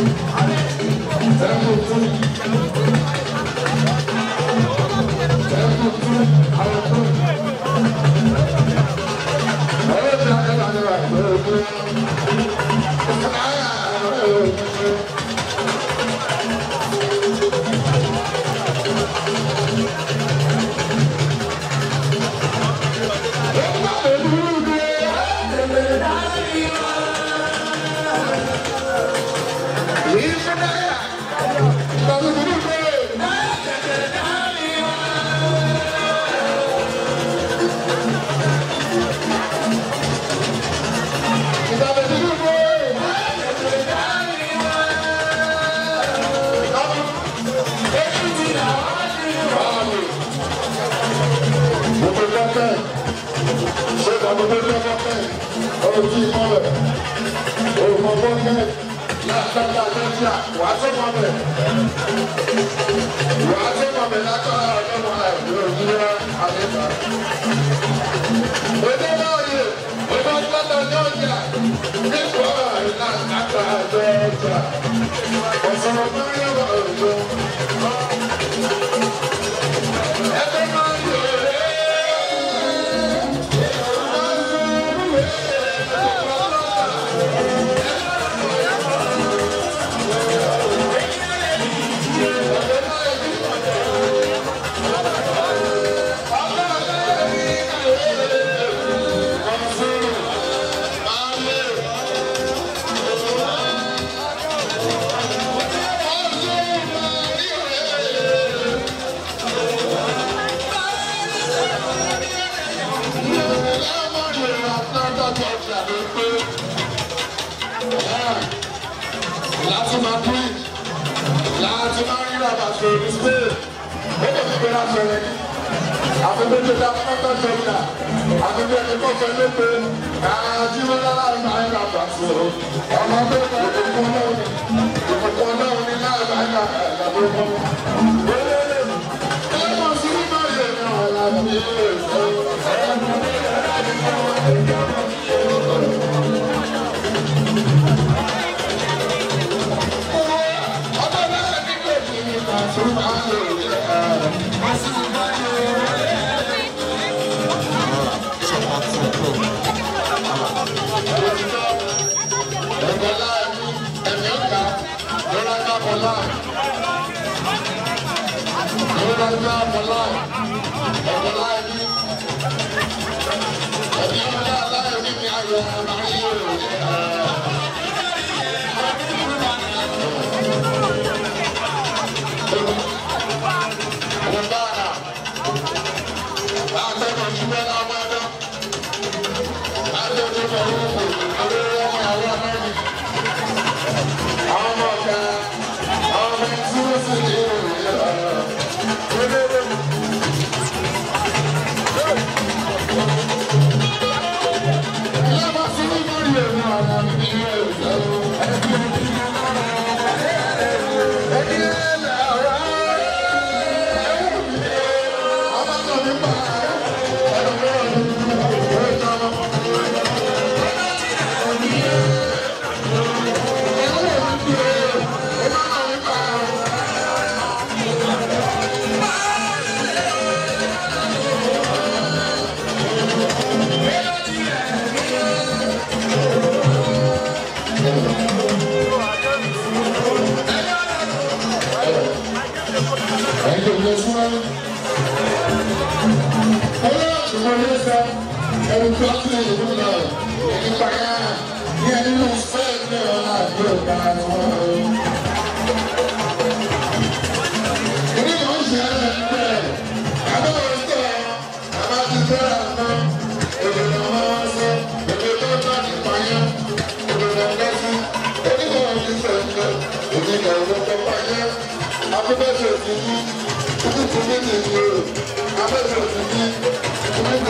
Thank you. ojú ìmọ̀lẹ̀ òògùn ọgbọ́n gẹ́gẹ́ láti dáadáa lọ́jà wàá tó mọ́lẹ̀. ele ti gbéra sọ̀rọ̀ àti méje ta kọ́kọ́ sọ̀rọ̀ la àti méje kọ́ sọ̀rọ̀ lépe àti wíwá láàrin náà me. I will my Thank you. ìwọ ló sọ ẹni tó kí ìlú lọ ẹni pàyà ní ẹni ló fẹ́ ilé ọ̀la àbí ọ̀gá wọn. Èmi mò ń ṣe ẹ̀rọ ẹgbẹ́ àbẹ̀wò ìtọ́ àbájútó àná òdòdó wọn sọ òdòdó náà ní pàyà òdòdó lọ́sí onímọ̀ oníṣẹ́ ẹ̀jẹ̀ òdòdó ọ̀dọ́dọ́ pàyà abẹ́bẹ̀ṣẹ̀ òdòdó tuntun ní ìlú abẹ́ṣẹ̀ òdòdó.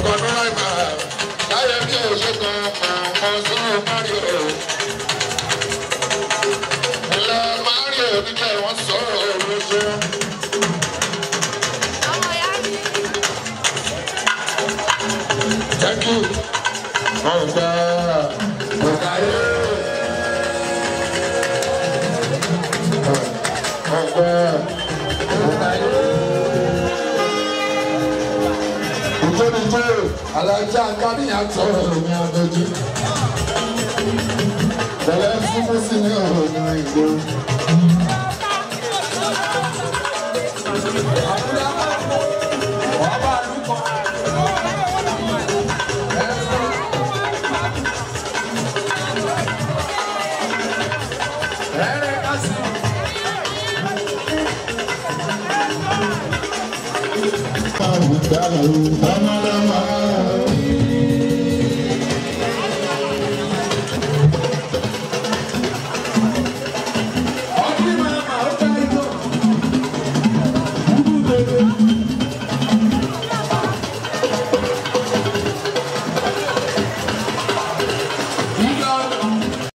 Ìkọ̀nù àìmọ̀ láyé bí òṣèkọ̀ ọ̀pọ̀ ọ̀sán ọ̀pọ̀ rí o. alájà káníyàn tó ọ̀rọ̀ mi àdójú. Bẹ̀rẹ̀ fúnfún sí ní ọ̀rọ̀ mi ìgbó. Hey! kawu dara o ọmọlọmọ.